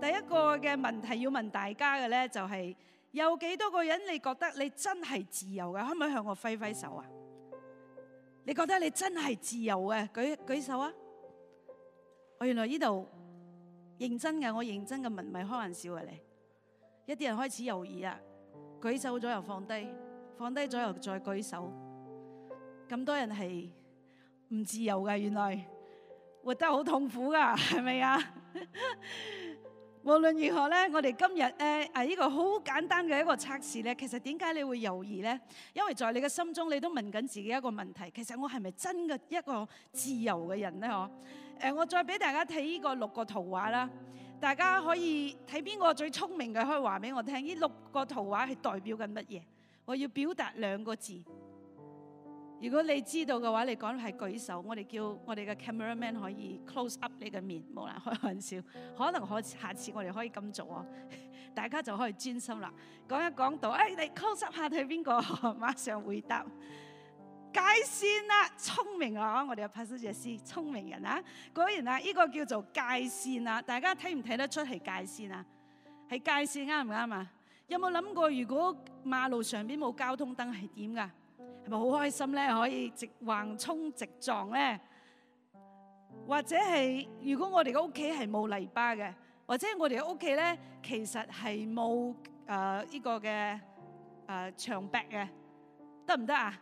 第一個嘅問題要問大家嘅咧，就係有幾多個人你覺得你真係自由嘅？可唔可以向我揮揮手啊？你覺得你真係自由嘅？舉舉手啊！我原來呢度認真嘅，我認真嘅，唔係開玩笑嘅你。一啲人開始猶豫啊，舉手咗又放低，放低咗又再舉手。咁多人係唔自由嘅，原來活得好痛苦噶，係咪啊？ 無論如何咧，我哋今日咧啊呢個好簡單嘅一個測試咧，其實點解你會猶豫咧？因為在你嘅心中，你都問緊自己一個問題：其實我係咪真嘅一個自由嘅人咧？嗬？誒，我再俾大家睇呢個六個圖畫啦，大家可以睇邊個最聰明嘅，可以話俾我聽，呢六個圖畫係代表緊乜嘢？我要表達兩個字。如果你知道嘅話，你講係舉手。我哋叫我哋嘅 cameraman 可以 close up 你嘅面，冇喇，開玩笑。可能下次我哋可以咁做啊，大家就可以專心啦。講一講到，誒、哎、你 close up 下係邊個？馬上回答。界線啦、啊，聰明啊！我哋嘅派修爵士，聰明人啊！果然啊，依、這個叫做界線啊！大家睇唔睇得出係界線啊？係界線啱唔啱啊？有冇諗過如果馬路上邊冇交通燈係點㗎？係咪好開心咧？可以直橫衝直撞咧？或者係如果我哋嘅屋企係冇泥巴嘅，或者我哋嘅屋企咧，其實係冇誒呢個嘅誒牆壁嘅，得唔得啊？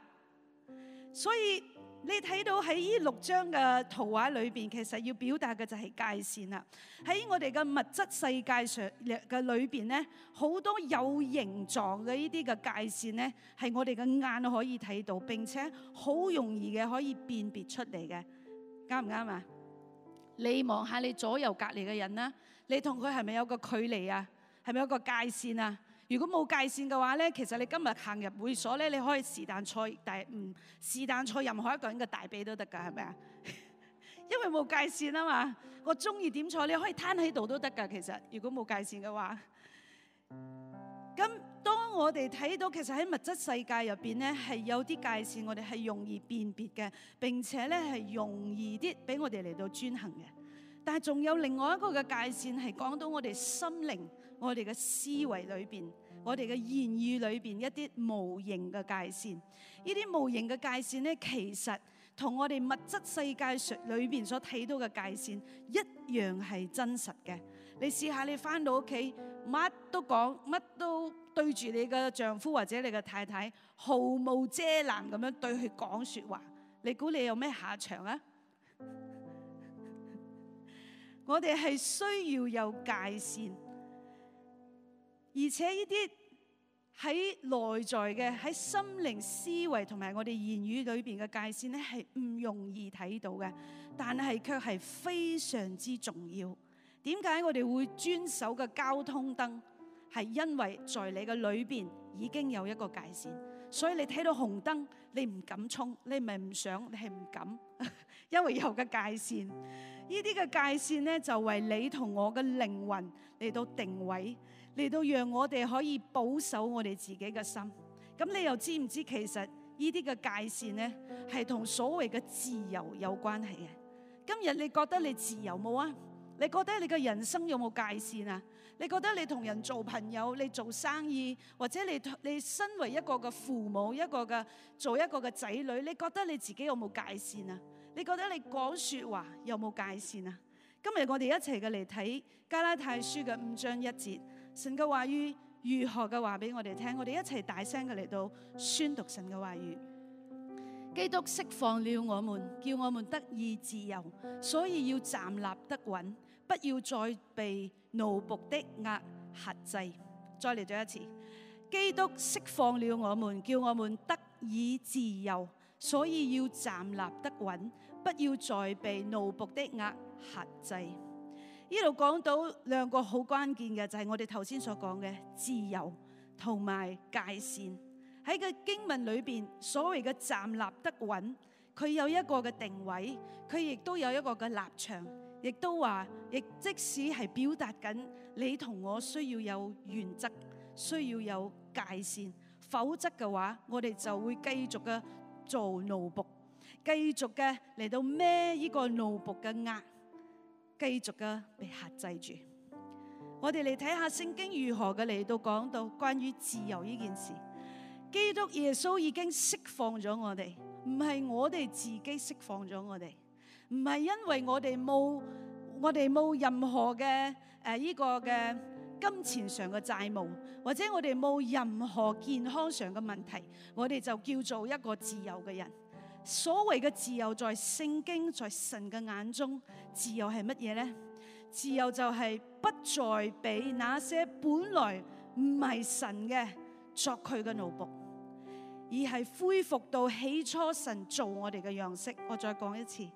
所以。你睇到喺呢六張嘅圖畫裏邊，其實要表達嘅就係界線啦。喺我哋嘅物質世界上嘅裏邊咧，好多有形狀嘅呢啲嘅界線咧，係我哋嘅眼可以睇到，並且好容易嘅可以辨別出嚟嘅，啱唔啱啊？你望下你左右隔離嘅人啦，你同佢係咪有個距離啊？係咪有個界線啊？如果冇界線嘅話咧，其實你今日行入會所咧，你可以是但坐，但係唔是但坐任何一個人嘅大髀都得㗎，係咪啊？ 因為冇界線啊嘛，我中意點坐，你可以攤喺度都得㗎。其實如果冇界線嘅話，咁當我哋睇到其實喺物質世界入邊咧係有啲界線，我哋係容易辨別嘅，並且咧係容易啲俾我哋嚟到遵行嘅。但係仲有另外一個嘅界線係講到我哋心靈、我哋嘅思維裏邊。我哋嘅言語裏邊一啲無形嘅界線，呢啲無形嘅界線咧，其實同我哋物質世界裏邊所睇到嘅界線一樣係真實嘅。你試下你返到屋企，乜都講，乜都對住你嘅丈夫或者你嘅太太，毫無遮攔咁樣對佢講説話，你估你有咩下場啊？我哋係需要有界線。而且呢啲喺內在嘅喺心靈思維同埋我哋言語裏邊嘅界線咧，係唔容易睇到嘅，但係卻係非常之重要。點解我哋會遵守嘅交通燈？係因為在你嘅裏邊已經有一個界線，所以你睇到紅燈，你唔敢衝，你唔係唔想，你係唔敢，因為有個界線。呢啲嘅界線咧，就為你同我嘅靈魂嚟到定位。嚟到，讓我哋可以保守我哋自己嘅心。咁你又知唔知？其實呢啲嘅界線呢，係同所謂嘅自由有關係嘅。今日你覺得你自由冇啊？你覺得你嘅人生有冇界線啊？你覺得你同人做朋友，你做生意，或者你你身為一個嘅父母，一個嘅做一個嘅仔女，你覺得你自己有冇界線啊？你覺得你講說話有冇界線啊？今日我哋一齊嘅嚟睇加拉太書嘅五章一節。神嘅話語如何嘅話俾我哋聽，我哋一齊大聲嘅嚟到宣讀神嘅話語。基督釋放了我們，叫我們得以自由，所以要站立得穩，不要再被奴僕的軛挾制。再嚟咗一次，基督釋放了我們，叫我們得以自由，所以要站立得穩，不要再被奴僕的軛挾制。呢度講到兩個好關鍵嘅，就係我哋頭先所講嘅自由同埋界線。喺個經文裏邊，所謂嘅站立得穩，佢有一個嘅定位，佢亦都有一個嘅立場，亦都話，亦即使係表達緊你同我需要有原則，需要有界線，否則嘅話，我哋就會繼續嘅做奴僕，繼續嘅嚟到孭呢個奴僕嘅壓。繼續嘅被限制住，我哋嚟睇下聖經如何嘅嚟到講到關於自由呢件事。基督耶穌已經釋放咗我哋，唔係我哋自己釋放咗我哋，唔係因為我哋冇我哋冇任何嘅誒呢個嘅金錢上嘅債務，或者我哋冇任何健康上嘅問題，我哋就叫做一個自由嘅人。所謂嘅自由，在聖經在神嘅眼中，自由係乜嘢呢？自由就係不再俾那些本來唔係神嘅作佢嘅奴僕，而係恢復到起初神做我哋嘅樣式。我再講一次，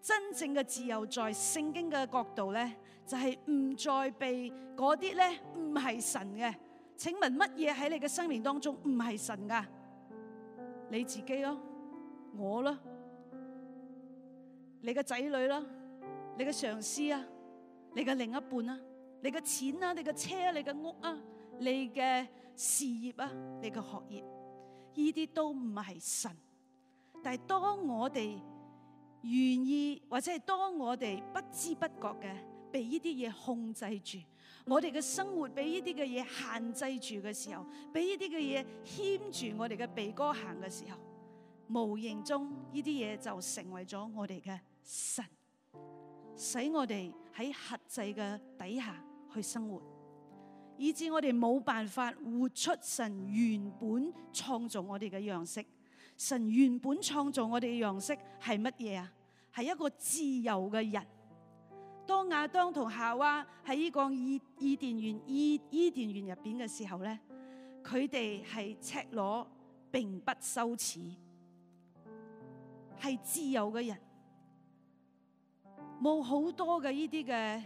真正嘅自由，在聖經嘅角度呢，就係唔再俾嗰啲呢唔係神嘅。請問乜嘢喺你嘅生命當中唔係神噶？你自己咯。我啦，你嘅仔女啦，你嘅上司啊，你嘅另一半啊，你嘅錢啊，你嘅車啊，你嘅屋啊，你嘅事業啊，你嘅學業，呢啲都唔係神。但係當我哋願意，或者係當我哋不知不覺嘅被呢啲嘢控制住，我哋嘅生活俾呢啲嘅嘢限制住嘅時候，俾呢啲嘅嘢牽住我哋嘅鼻哥行嘅時候。無形中呢啲嘢就成為咗我哋嘅神，使我哋喺轄制嘅底下去生活，以致我哋冇辦法活出神原本創造我哋嘅樣式。神原本創造我哋嘅樣式係乜嘢啊？係一個自由嘅人。當亞當同夏娃喺呢個伊伊甸園伊伊甸園入邊嘅時候咧，佢哋係赤裸並不羞恥。係自由嘅人，冇好多嘅呢啲嘅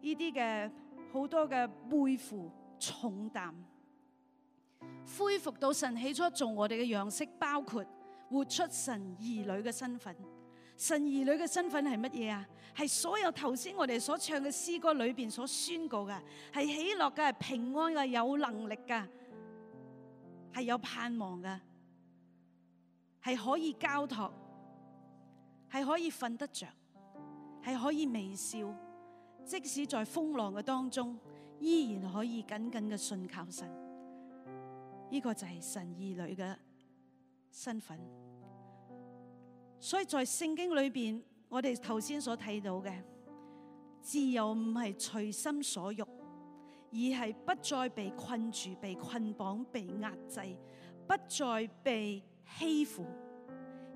呢啲嘅好多嘅背負重擔，恢復到神起初做我哋嘅樣式，包括活出神兒女嘅身份。神兒女嘅身份係乜嘢啊？係所有頭先我哋所唱嘅詩歌裏邊所宣告嘅，係喜樂嘅，係平安嘅，有能力嘅，係有盼望嘅，係可以交託。係可以瞓得着，係可以微笑，即使在風浪嘅當中，依然可以緊緊嘅信靠神。呢個就係神兒女嘅身份。所以在聖經裏邊，我哋頭先所睇到嘅自由唔係隨心所欲，而係不再被困住、被捆綁、被壓制，不再被欺負。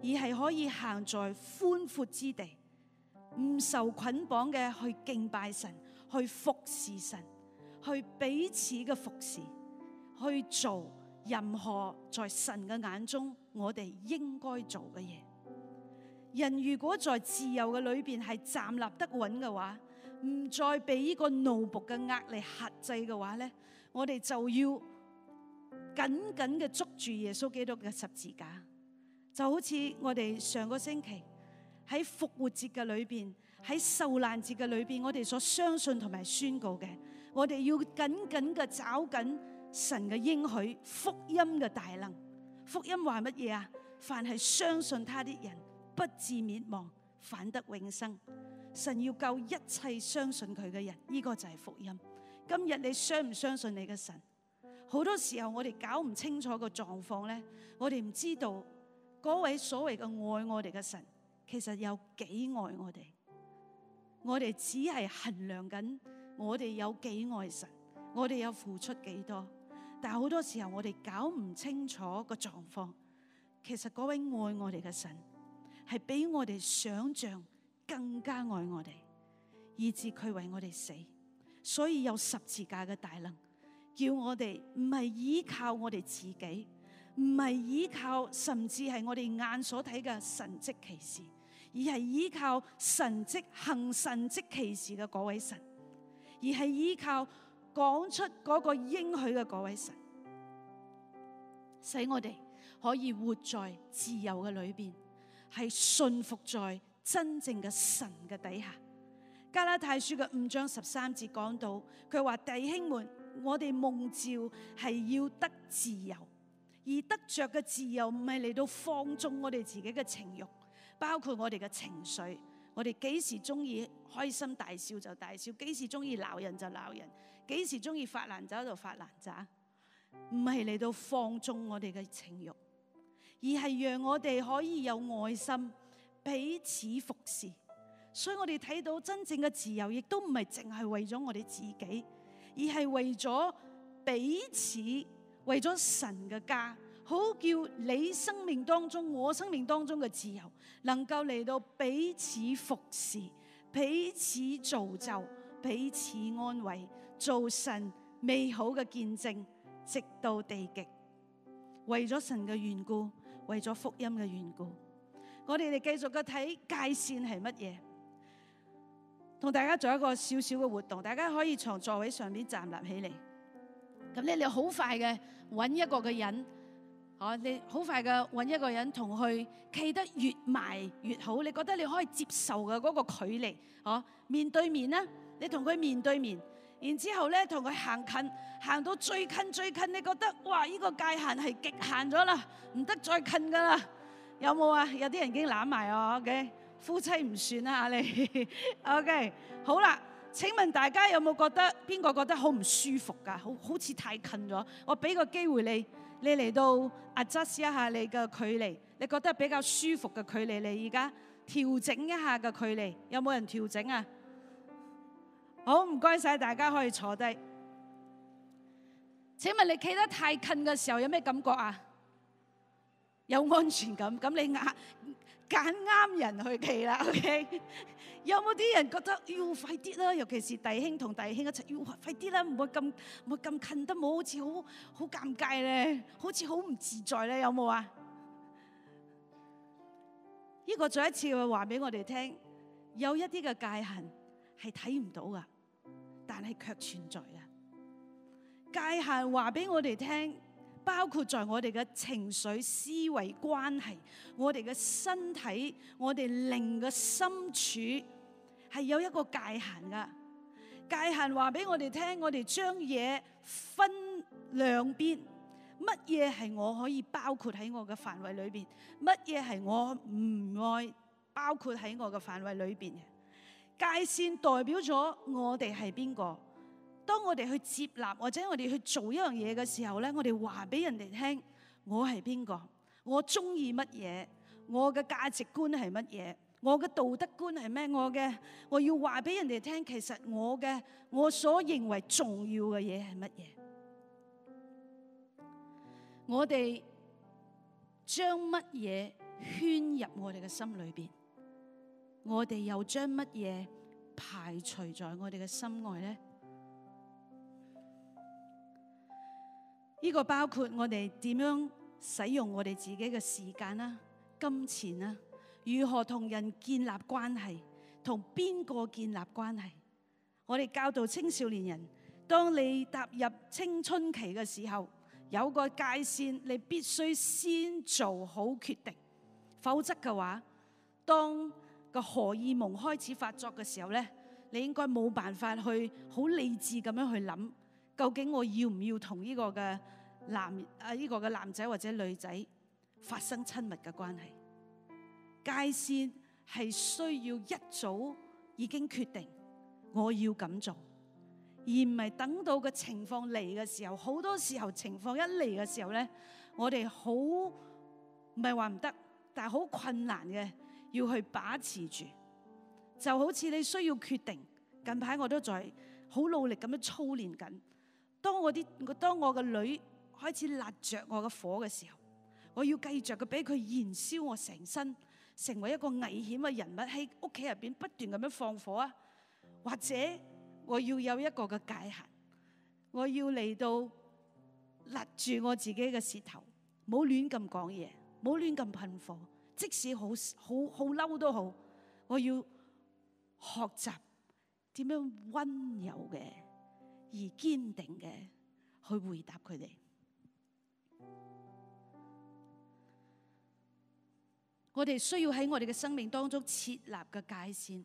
而係可以行在寬闊之地，唔受捆綁嘅去敬拜神，去服侍神，去彼此嘅服侍，去做任何在神嘅眼中我哋應該做嘅嘢。人如果在自由嘅裏邊係站立得穩嘅話，唔再被呢個奴僕嘅壓力轄制嘅話咧，我哋就要緊緊嘅捉住耶穌基督嘅十字架。就好似我哋上個星期喺復活節嘅裏邊，喺受難節嘅裏邊，我哋所相信同埋宣告嘅，我哋要緊緊嘅找緊神嘅應許，福音嘅大能。福音話乜嘢啊？凡係相信他啲人，不至滅亡，反得永生。神要救一切相信佢嘅人，呢個就係福音。今日你相唔相信你嘅神？好多時候我哋搞唔清楚個狀況呢，我哋唔知道。嗰位所謂嘅愛我哋嘅神，其實有幾愛我哋？我哋只係衡量緊我哋有幾愛神，我哋有付出幾多？但係好多時候我哋搞唔清楚個狀況。其實嗰位愛我哋嘅神係比我哋想象更加愛我哋，以至佢為我哋死，所以有十字架嘅大能，叫我哋唔係依靠我哋自己。唔係依靠甚至係我哋眼所睇嘅神蹟奇事，而係依靠神蹟行神蹟奇事嘅嗰位神，而係依靠講出嗰個應許嘅嗰位神，使我哋可以活在自由嘅裏邊，係信服在真正嘅神嘅底下。加拉太書嘅五章十三節講到，佢話弟兄們，我哋蒙召係要得自由。而得着嘅自由唔係嚟到放縱我哋自己嘅情欲，包括我哋嘅情緒。我哋幾時中意開心大笑就大笑，幾時中意鬧人就鬧人，幾時中意發爛渣就發爛渣，唔係嚟到放縱我哋嘅情欲，而係讓我哋可以有愛心，彼此服侍。所以我哋睇到真正嘅自由，亦都唔係淨係為咗我哋自己，而係為咗彼此。為咗神嘅家，好叫你生命當中、我生命當中嘅自由，能夠嚟到彼此服侍、彼此造就、彼此安慰，做神美好嘅見證，直到地極。為咗神嘅緣故，為咗福音嘅緣故，我哋嚟繼續嘅睇界線係乜嘢？同大家做一個少少嘅活動，大家可以從座位上面站立起嚟。咁你好快嘅。揾一個嘅人，哦，你好快嘅揾一個人同佢企得越埋越好。你覺得你可以接受嘅嗰個距離，哦，面對面咧，你同佢面對面，然之後咧同佢行近，行到最近最近，你覺得哇，呢個界限係極限咗啦，唔得再近噶啦，有冇啊？有啲人已經攬埋哦，OK，夫妻唔算啊，你，OK，好啦。請問大家有冇覺得邊個覺得好唔舒服㗎？好好似太近咗。我俾個機會你，你嚟到 adjust 一下你嘅距離，你覺得比較舒服嘅距離你而家調整一下嘅距離，有冇人調整啊？好，唔該晒，大家可以坐低。請問你企得太近嘅時候有咩感覺啊？有安全感。咁你揀揀啱人去企啦。OK。有冇啲人覺得，要快啲啦、啊，尤其是弟兄同弟兄一齊，要快啲啦、啊，唔會咁唔會咁近得冇，好似好好尷尬咧，好似好唔自在咧，有冇啊？呢、這個再一次話俾我哋聽，有一啲嘅界限係睇唔到噶，但係卻存在噶，界限話俾我哋聽。包括在我哋嘅情緒、思維、關係，我哋嘅身體，我哋靈嘅深處，係有一個界限噶。界限話俾我哋聽，我哋將嘢分兩邊，乜嘢係我可以包括喺我嘅範圍裏邊，乜嘢係我唔愛包括喺我嘅範圍裏邊嘅。界線代表咗我哋係邊個。當我哋去接納或者我哋去做一樣嘢嘅時候呢，我哋話俾人哋聽，我係邊個，我中意乜嘢，我嘅價值觀係乜嘢，我嘅道德觀係咩？我嘅我要話俾人哋聽，其實我嘅我所認為重要嘅嘢係乜嘢？我哋將乜嘢圈入我哋嘅心裏邊，我哋又將乜嘢排除在我哋嘅心外呢？」呢個包括我哋點樣使用我哋自己嘅時間啦、金錢啦，如何同人建立關係，同邊個建立關係？我哋教導青少年人，當你踏入青春期嘅時候，有個界線，你必須先做好決定，否則嘅話，當個荷爾蒙開始發作嘅時候呢，你應該冇辦法去好理智咁樣去諗。究竟我要唔要同呢個嘅男啊？呢個嘅男仔或者女仔發生親密嘅關係？界線係需要一早已經決定我要咁做，而唔係等到個情況嚟嘅時候。好多時候情況一嚟嘅時候咧，我哋好唔係話唔得，但係好困難嘅要去把持住。就好似你需要決定，近排我都在好努力咁樣操練緊。當我啲，當我嘅女開始焫着我嘅火嘅時候，我要繼續嘅俾佢燃燒我成身，成為一個危險嘅人物喺屋企入邊不斷咁樣放火啊！或者我要有一個嘅界限，我要嚟到勒住我自己嘅舌頭，唔好亂咁講嘢，唔好亂咁噴火，即使好好好嬲都好，我要學習點樣溫柔嘅。而堅定嘅去回答佢哋。我哋需要喺我哋嘅生命當中設立嘅界線。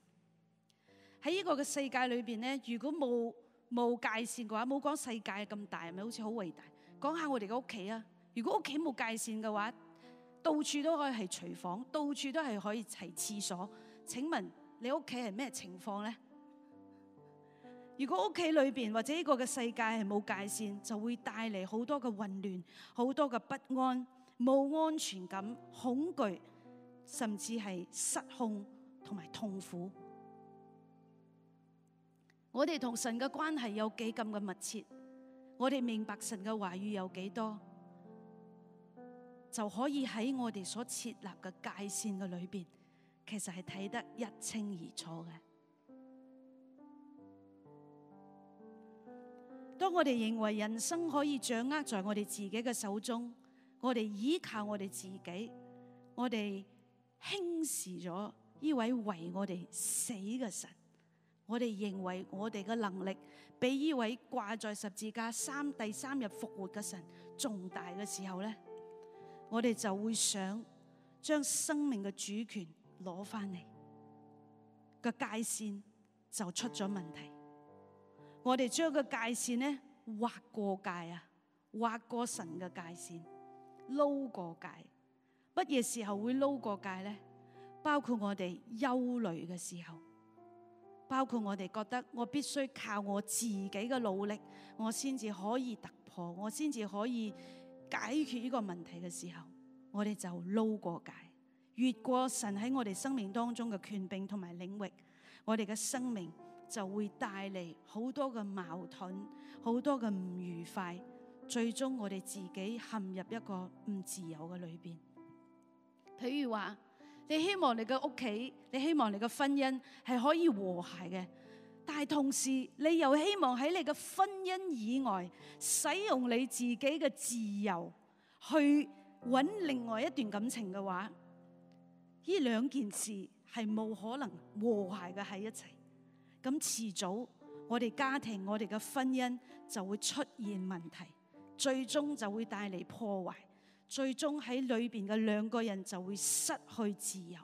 喺呢個嘅世界裏邊呢，如果冇冇界線嘅話，冇講世界咁大，係咪好似好偉大？講下我哋嘅屋企啊！如果屋企冇界線嘅話，話，到處都可以係廚房，到處都係可以係廁所。請問你屋企係咩情況呢？如果屋企裏邊或者呢個嘅世界係冇界線，就會帶嚟好多嘅混亂、好多嘅不安、冇安全感、恐懼，甚至係失控同埋痛苦。我哋同神嘅關係有幾咁嘅密切，我哋明白神嘅話語有幾多，就可以喺我哋所設立嘅界線嘅裏邊，其實係睇得一清二楚嘅。當我哋認為人生可以掌握在我哋自己嘅手中，我哋依靠我哋自己，我哋輕視咗呢位為我哋死嘅神，我哋認為我哋嘅能力比呢位掛在十字架三第三日復活嘅神重大嘅時候呢，我哋就會想將生命嘅主權攞翻嚟，個界線就出咗問題。我哋將個界線呢劃過界啊，劃過神嘅界線，撈過界。乜嘢時候會撈過界呢？包括我哋憂慮嘅時候，包括我哋覺得我必須靠我自己嘅努力，我先至可以突破，我先至可以解決呢個問題嘅時候，我哋就撈過界，越過神喺我哋生命當中嘅權柄同埋領域，我哋嘅生命，就會帶嚟好多嘅矛盾，好多嘅唔愉快，最終我哋自己陷入一個唔自由嘅裏面。譬如話，你希望你嘅屋企，你希望你嘅婚姻係可以和諧嘅，但係同時你又希望喺你嘅婚姻以外使用你自己嘅自由去揾另外一段感情嘅話，呢兩件事係冇可能和諧嘅喺一齊。咁遲早，我哋家庭、我哋嘅婚姻就會出現問題，最終就會帶嚟破壞，最終喺裏邊嘅兩個人就會失去自由。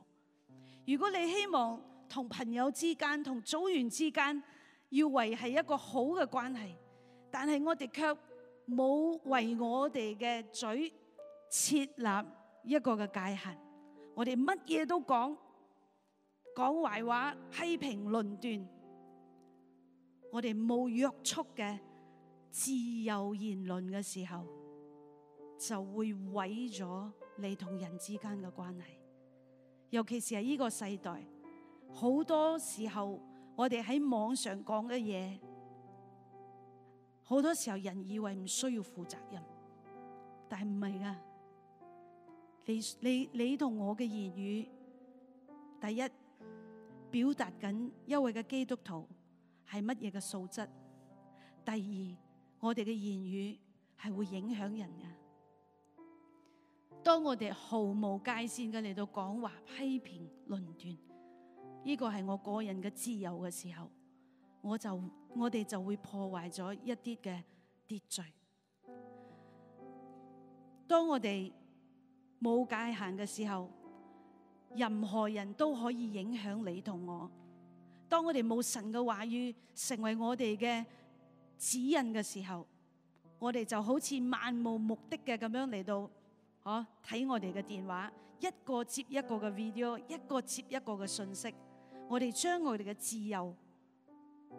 如果你希望同朋友之間、同組員之間要維繫一個好嘅關係，但係我哋卻冇為我哋嘅嘴設立一個嘅界限。我，我哋乜嘢都講，講壞話、批評、論斷。我哋冇約束嘅自由言論嘅時候，就會毀咗你同人之間嘅關係。尤其是係呢個世代，好多時候我哋喺網上講嘅嘢，好多時候人以為唔需要負責任，但係唔係噶。你你你同我嘅言語，第一表達緊一位嘅基督徒，係乜嘢嘅素質？第二，我哋嘅言語係會影響人嘅。當我哋毫無界線嘅嚟到講話、批評、論斷，呢個係我個人嘅自由嘅時候，我就我哋就會破壞咗一啲嘅秩序。當我哋冇界限嘅時候，任何人都可以影響你同我。當我哋冇神嘅話語成為我哋嘅指引嘅時候，我哋就好似漫無目的嘅咁樣嚟到，啊睇我哋嘅電話，一個接一個嘅 video，一個接一個嘅信息，我哋將我哋嘅自由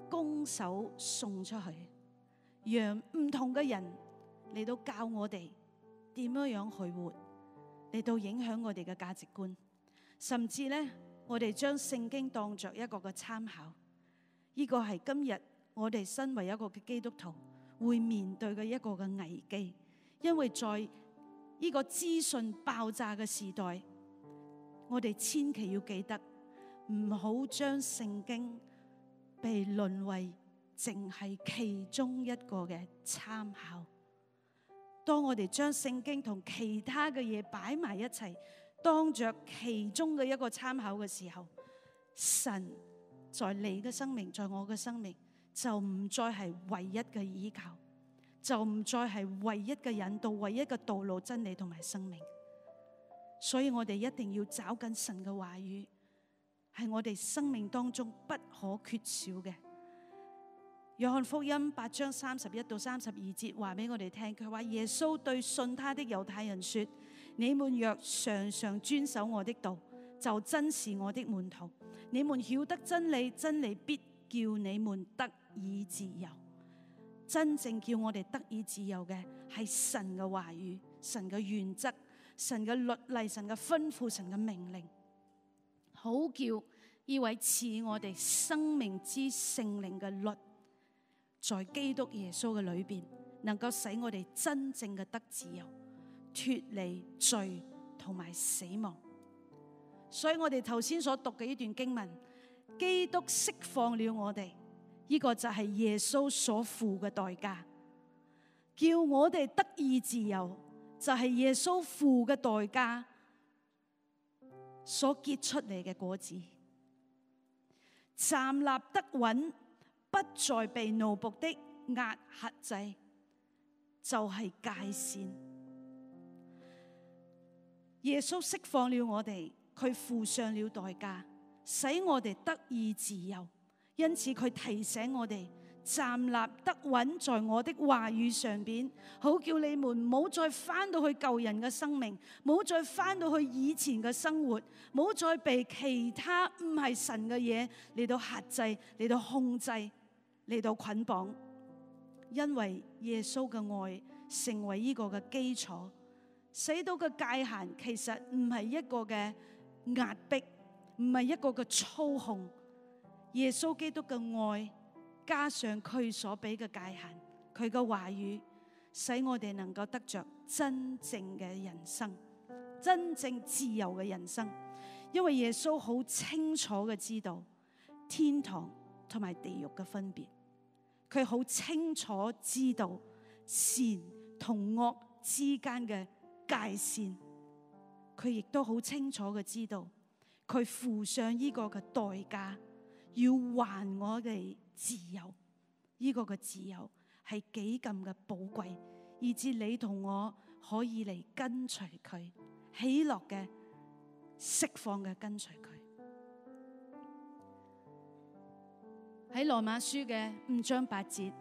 拱手送出去，讓唔同嘅人嚟到教我哋點樣樣去活，嚟到影響我哋嘅價值觀，甚至咧。我哋將聖經當作一個嘅參考，呢個係今日我哋身為一個嘅基督徒會面對嘅一個嘅危機，因為在呢個資訊爆炸嘅時代，我哋千祈要記得唔好將聖經被淪為淨係其中一個嘅參考。當我哋將聖經同其他嘅嘢擺埋一齊，當着其中嘅一個參考嘅時候，神在你嘅生命，在我嘅生命就唔再係唯一嘅依靠，就唔再係唯一嘅引導，唯一嘅道路、真理同埋生命。所以我哋一定要找緊神嘅話語，係我哋生命當中不可缺少嘅。約翰福音八章三十一到三十二節話俾我哋聽，佢話耶穌對信他的猶太人說。你們若常常遵守我的道，就真是我的門徒。你們曉得真理，真理必叫你們得以自由。真正叫我哋得以自由嘅，係神嘅話語、神嘅原則、神嘅律例、神嘅吩咐、神嘅命令，好叫呢位賜我哋生命之聖靈嘅律，在基督耶穌嘅裏邊，能夠使我哋真正嘅得自由。脫離罪同埋死亡，所以我哋頭先所讀嘅呢段經文，基督釋放了我哋，呢個就係耶穌所付嘅代價，叫我哋得以自由，就係耶穌付嘅代價所結出嚟嘅果子，站立得穩，不再被奴僕的軛挾制，就係界線。耶穌釋放了我哋，佢付上了代價，使我哋得以自由。因此佢提醒我哋站立得穩在我的話語上面，好叫你們唔好再返到去舊人嘅生命，唔好再返到去以前嘅生活，唔好再被其他唔係神嘅嘢嚟到限制、嚟到控制、嚟到捆綁。因為耶穌嘅愛成為呢個嘅基礎。使到嘅界限其實唔係一個嘅壓迫，唔係一個嘅操控。耶穌基督嘅愛加上佢所俾嘅界限，佢嘅話語，使我哋能夠得着真正嘅人生，真正自由嘅人生。因為耶穌好清楚嘅知道天堂同埋地獄嘅分別，佢好清楚知道善同惡之間嘅。界線，佢亦都好清楚嘅知道，佢付上呢個嘅代價，要還我哋自由。呢個嘅自由係幾咁嘅寶貴，以至你同我可以嚟跟隨佢，喜樂嘅釋放嘅跟隨佢。喺羅馬書嘅五章八節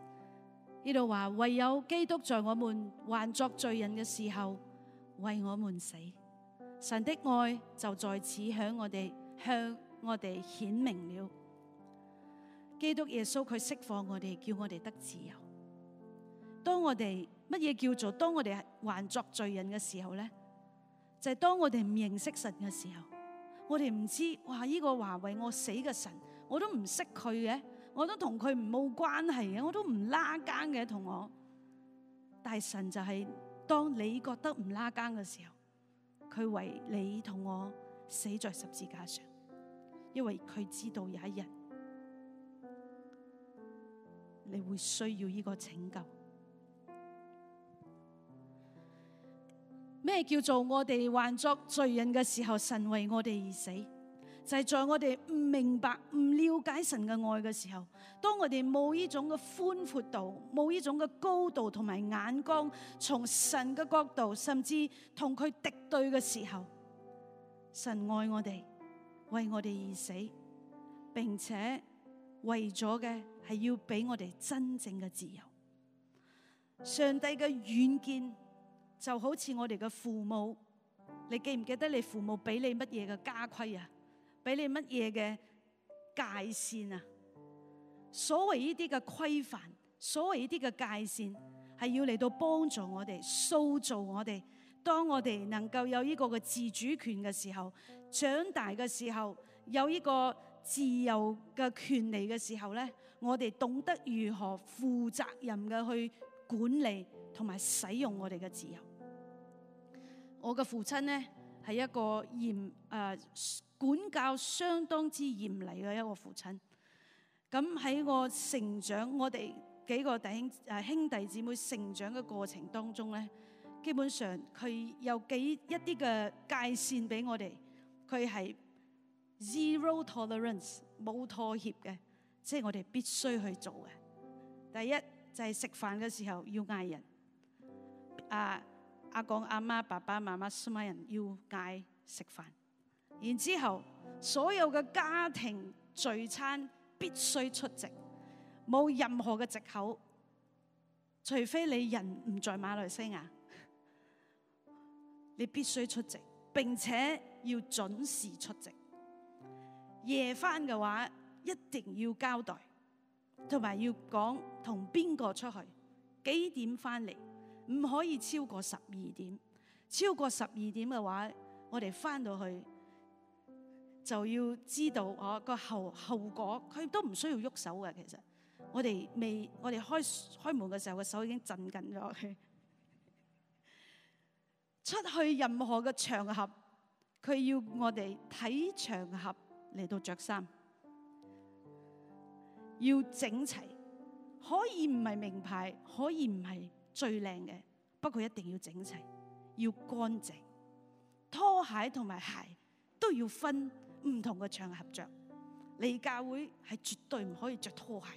呢度話，唯有基督在我們還作罪人嘅時候。為我們死，神的愛就在此向我哋，向我哋顯明了。基督耶穌佢釋放我哋，叫我哋得自由。當我哋乜嘢叫做當我哋還作罪人嘅時候咧，就係、是、當我哋唔認識神嘅時候，我哋唔知道哇！呢、這個話為我死嘅神，我都唔識佢嘅，我都同佢冇關係嘅，我都唔拉更嘅，同我，我，但係神就係、是。當你覺得唔拉更嘅時候，佢為你同我死在十字架上，因為佢知道有一日你會需要呢個拯救。咩叫做我哋還作罪人嘅時候，神為我哋而死？就係在我哋唔明白、唔了解神嘅愛嘅時候，當我哋冇呢種嘅寬闊度、冇呢種嘅高度同埋眼光，從神嘅角度，甚至同佢敵對嘅時候，神愛我哋，為我哋而死，並且為咗嘅係要俾我哋真正嘅自由。上帝嘅遠見，就好似我哋嘅父母，你記唔記得你父母俾你乜嘢嘅家規啊？俾你乜嘢嘅界線啊？所謂呢啲嘅規範，所謂呢啲嘅界線，係要嚟到幫助我哋塑造我哋。當我哋能夠有呢個嘅自主權嘅時候，長大嘅時候有呢個自由嘅權利嘅時候咧，我哋懂得如何負責任嘅去管理同埋使用我哋嘅自由。我嘅父親咧。係一個嚴誒、啊、管教相當之嚴厲嘅一個父親。咁喺我成長，我哋幾個弟兄誒兄弟姊妹成長嘅過程當中咧，基本上佢有幾一啲嘅界線俾我哋，佢係 zero tolerance 冇妥協嘅，即、就、係、是、我哋必須去做嘅。第一就係、是、食飯嘅時候要嗌人，啊。阿公阿媽、爸爸媽媽，所有人要嗌食飯。然之後，所有嘅家庭聚餐必須出席，冇任何嘅藉口，除非你人唔在馬來西亞，你必須出席並且要準時出席。夜翻嘅話一定要交代，同埋要講同邊個出去，幾點翻嚟。唔可以超過十二點，超過十二點嘅話，我哋返到去就要知道哦個後後果。佢都唔需要喐手嘅，其實我哋未我哋開開門嘅時候，個手已經震緊咗。佢出去任何嘅場合，佢要我哋睇場合嚟到着衫，要整齊。可以唔係名牌，可以唔係。最靚嘅，不過一定要整齊，要乾淨。拖鞋同埋鞋都要分唔同嘅場合着。嚟教會係絕對唔可以着拖鞋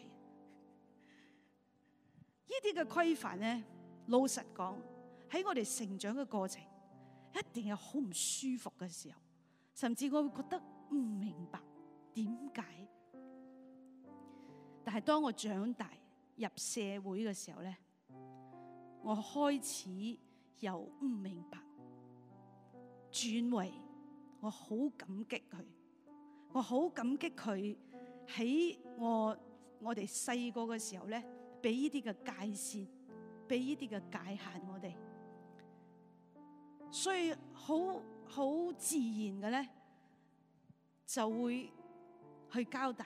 的。這些規範呢啲嘅規範咧，老實講喺我哋成長嘅過程，一定有好唔舒服嘅時候，甚至我會覺得唔明白點解。但係當我長大入社會嘅時候咧。我開始由唔明白，轉為我好感激佢，我好感激佢喺我我哋細個嘅時候咧，俾呢啲嘅界線，俾呢啲嘅界限我哋，所以好好自然嘅咧就會去交代，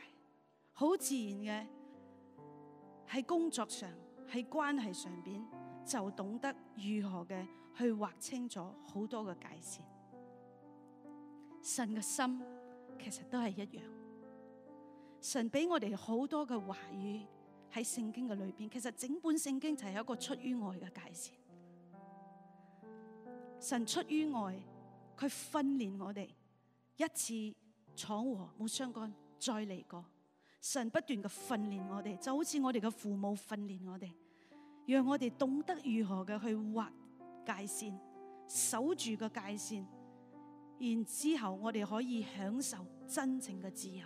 好自然嘅喺工作上，喺關係上邊。就懂得如何嘅去劃清咗好多嘅界線。神嘅心其實都係一樣。神俾我哋好多嘅話語喺聖經嘅裏邊，其實整本聖經就係一個出於愛嘅界線。神出於愛，佢訓練我哋一次闖禍冇相干，再嚟過。神不斷嘅訓練我哋，就好似我哋嘅父母訓練我哋。讓我哋懂得如何嘅去劃界線，守住個界線，然之後我哋可以享受真正嘅自由。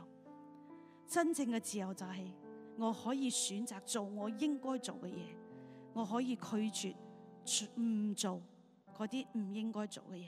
真正嘅自由就係、是、我可以選擇做我應該做嘅嘢，我可以拒絕唔做嗰啲唔應該做嘅嘢。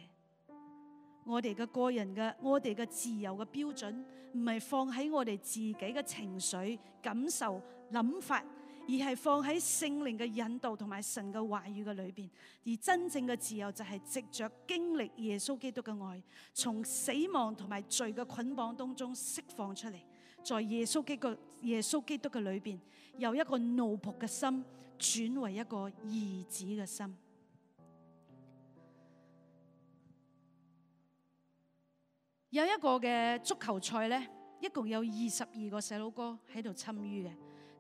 我哋嘅個人嘅，我哋嘅自由嘅標準唔係放喺我哋自己嘅情緒、感受、諗法。而係放喺聖靈嘅引導同埋神嘅話語嘅裏邊，而真正嘅自由就係藉着經歷耶穌基督嘅愛，從死亡同埋罪嘅捆綁當中釋放出嚟，在耶穌基督、耶穌基督嘅裏邊，由一個奴僕嘅心轉為一個兒子嘅心。有一個嘅足球賽呢，一共有二十二個細佬哥喺度參與嘅。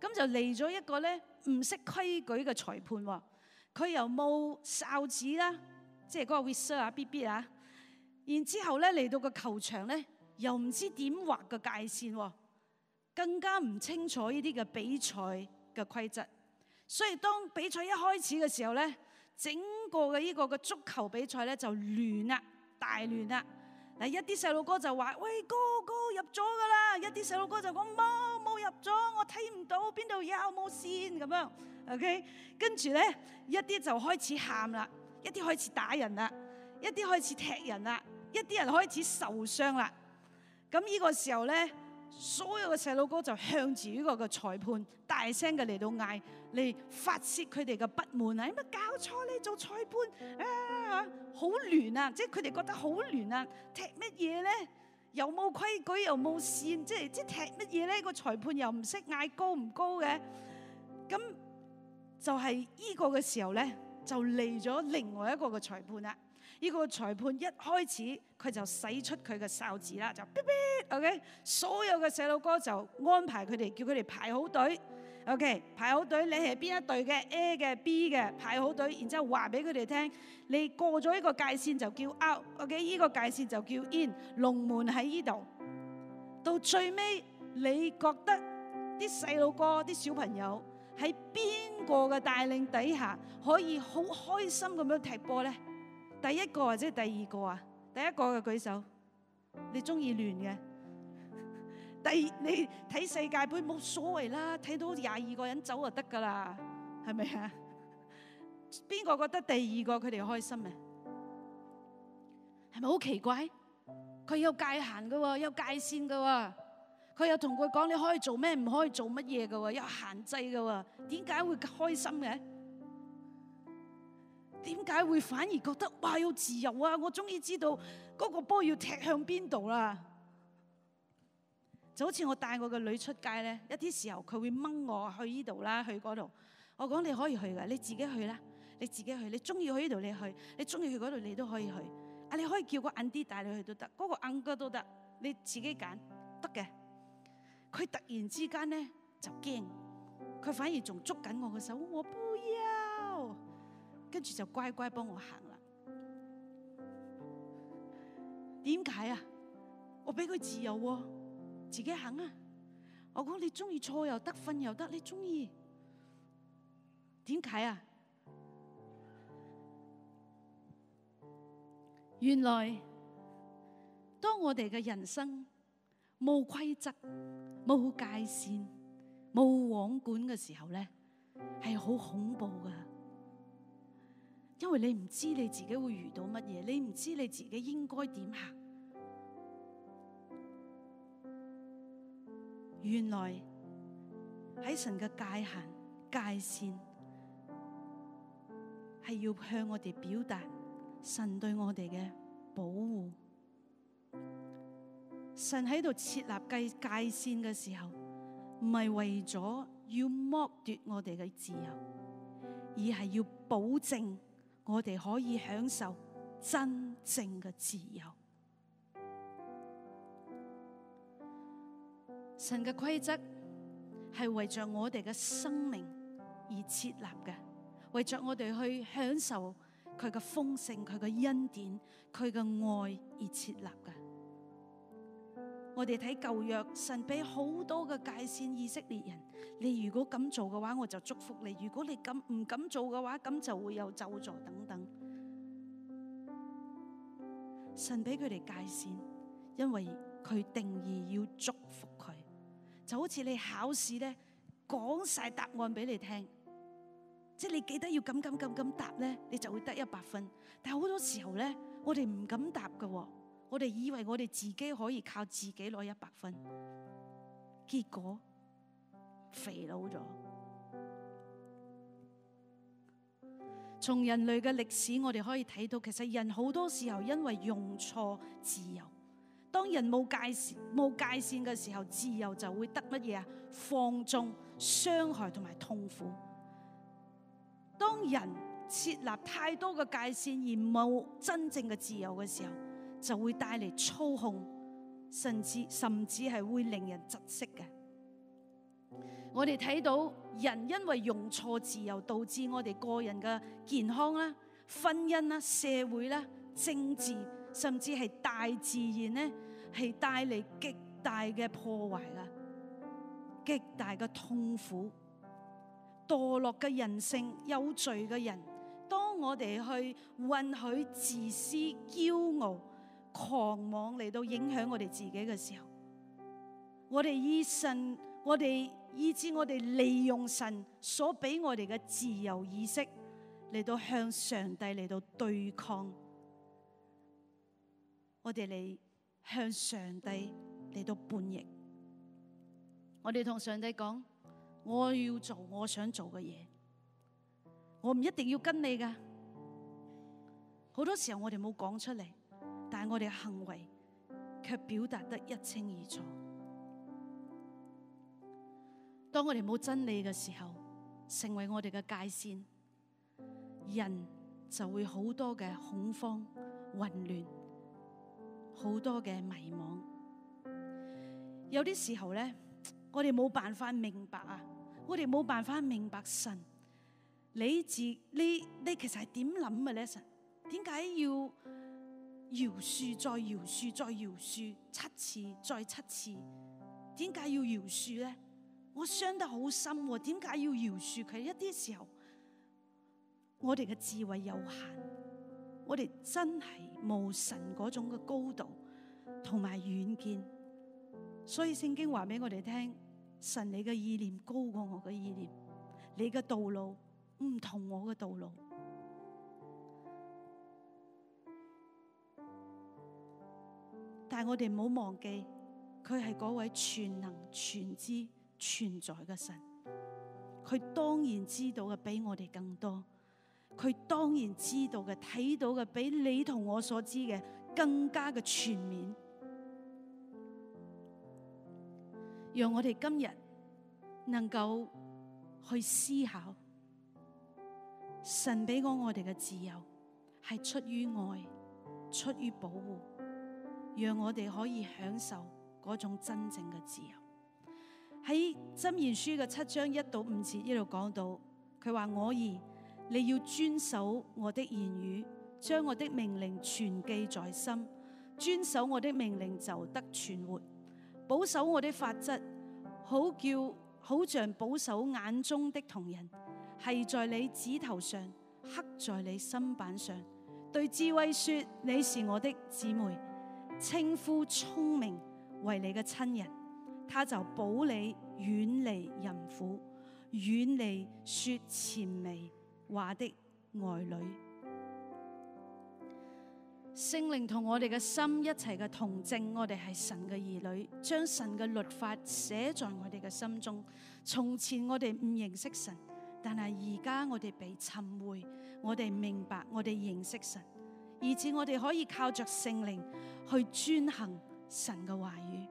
咁就嚟咗一個咧唔識規矩嘅裁判，佢又冇哨子啦，即係嗰個 Whistle 啊 B B 啊，然之後咧嚟到個球場咧又唔知點畫個界線喎，更加唔清楚呢啲嘅比賽嘅規則。所以當比賽一開始嘅時候咧，整個嘅呢個嘅足球比賽咧就亂啦，大亂啦。嗱，一啲細路哥就話：喂，哥哥入咗㗎啦！一啲細路哥就講入咗，我睇唔到邊度有冇線咁樣，OK？跟住咧，一啲就開始喊啦，一啲開始打人啦，一啲開始踢人啦，一啲人開始受傷啦。咁呢個時候咧，所有嘅細路哥就向住呢個嘅裁判大聲嘅嚟到嗌，嚟發洩佢哋嘅不滿啊！乜、哎、搞錯你做裁判啊？好亂啊！即係佢哋覺得好亂啊！踢乜嘢咧？又冇規矩又冇線，即係即踢乜嘢咧？個裁判又唔識嗌高唔高嘅。咁就係依個嘅時候咧，就嚟咗另外一個嘅裁判啦。呢個裁判一開始佢就使出佢嘅哨子啦，就 bi bi，OK，所有嘅細路哥就安排佢哋叫佢哋排好隊。O.K. 排好隊，你係邊一隊嘅 A 嘅 B 嘅排好隊，然之後話俾佢哋聽，你過咗呢個界線就叫 out，O.K.、Okay? 呢個界線就叫 in。龍門喺呢度，到最尾你覺得啲細路哥、啲小朋友喺邊個嘅帶領底下可以好開心咁樣踢波呢？第一個或者第二個啊？第一個嘅舉手，你鍾意亂嘅。第你睇世界盃冇所謂啦，睇到廿二個人走就得噶啦，係咪啊？邊個覺得第二個佢哋開心咩？係咪好奇怪？佢有界限嘅喎，有界線嘅喎，佢又同佢講你可以做咩，唔可以做乜嘢嘅喎，有限制嘅喎。點解會開心嘅？點解會反而覺得哇要自由啊！我終於知道嗰個波要踢向邊度啦！就好似我帶我個女出街咧，一啲時候佢會掹我去依度啦，去嗰度。我講，你可以去噶，你自己去啦，你自己去，你中意去呢度你去，你中意去嗰度你都可以去。啊，你可以叫個 uncle 帶你去都得，嗰個 uncle 都得，你自己揀得嘅。佢突然之間咧就驚，佢反而仲捉緊我嘅手，我不要，跟住就乖乖幫我行啦。點解啊？我俾佢自由喎、啊。自己行啊我行！我講，你中意坐又得，瞓又得，你中意點解啊？原來當我哋嘅人生冇規則、冇界線、冇王管嘅時候咧，係好恐怖噶，因為你唔知你自己會遇到乜嘢，你唔知你自己應該點行。原來喺神嘅界限、界線係要向我哋表達神對我哋嘅保護。神喺度設立界界線嘅時候，唔係為咗要剝奪我哋嘅自由，而係要保證我哋可以享受真正嘅自由。神嘅規則係為着我哋嘅生命而設立嘅，為着我哋去享受佢嘅豐盛、佢嘅恩典、佢嘅愛而設立嘅。我哋睇舊約，神俾好多嘅界線，以色列人，你如果咁做嘅話，我就祝福你；如果你咁唔咁做嘅話，咁就會有咒詛等等。神俾佢哋界線，因為佢定義要祝福佢。就好似你考試咧，講晒答案俾你聽，即係你記得要咁咁咁咁答咧，你就會得一百分。但係好多時候咧，我哋唔敢答㗎喎，我哋以為我哋自己可以靠自己攞一百分，結果肥佬咗。從人類嘅歷史，我哋可以睇到，其實人好多時候因為用錯自由。當人冇界線冇界線嘅時候，自由就會得乜嘢啊？放縱、傷害同埋痛苦。當人設立太多嘅界線而冇真正嘅自由嘅時候，就會帶嚟操控，甚至甚至係會令人窒息嘅。我哋睇到人因為用錯自由，導致我哋個人嘅健康啦、婚姻啦、社會啦、政治。甚至係大自然咧，係帶嚟極大嘅破壞啊，極大嘅痛苦，墮落嘅人性、有罪嘅人，當我哋去允許自私、驕傲、狂妄嚟到影響我哋自己嘅時候，我哋以神，我哋以至我哋利用神所俾我哋嘅自由意識嚟到向上帝嚟到對抗。我哋嚟向上帝嚟到叛逆，我哋同上帝講：我要做我想做嘅嘢，我唔一定要跟你㗎。好多時候我哋冇講出嚟，但係我哋嘅行為卻表達得一清二楚。當我哋冇真理嘅時候，成為我哋嘅界線，人就會好多嘅恐慌混亂。好多嘅迷惘，有啲時候咧，我哋冇辦法明白啊！我哋冇辦法明白神，你自呢呢其實係點諗啊？你神，點解要饒恕再饒恕再饒恕七次再七次？點解要饒恕咧？我傷得好深，點解要饒恕佢？一啲時候，我哋嘅智慧有限。我哋真係無神嗰種嘅高度同埋遠見，所以聖經話俾我哋聽：神，你嘅意念高過我嘅意念，你嘅道路唔同我嘅道路。但係我哋唔好忘記，佢係嗰位全能全知存在嘅神，佢當然知道嘅比我哋更多。佢當然知道嘅，睇到嘅比你同我所知嘅更加嘅全面。讓我哋今日能夠去思考，神俾我我哋嘅自由係出於愛，出於保護，讓我哋可以享受嗰種真正嘅自由。喺《箴言書》嘅七章一到五節一路講到，佢話我兒……」你要遵守我的言語，將我的命令存記在心，遵守我的命令就得存活。保守我的法則，好叫好像保守眼中的瞳人，繫在你指頭上，刻在你心版上。對智慧說，你是我的姊妹，稱呼聰明為你嘅親人，他就保你遠離淫婦，遠離說諂媚。話的兒女，聖靈同我哋嘅心一齊嘅同證，我哋係神嘅兒女，將神嘅律法寫在我哋嘅心中。從前我哋唔認識神，但係而家我哋被尋回，我哋明白，我哋認識神，以至我哋可以靠着聖靈去遵行神嘅話語。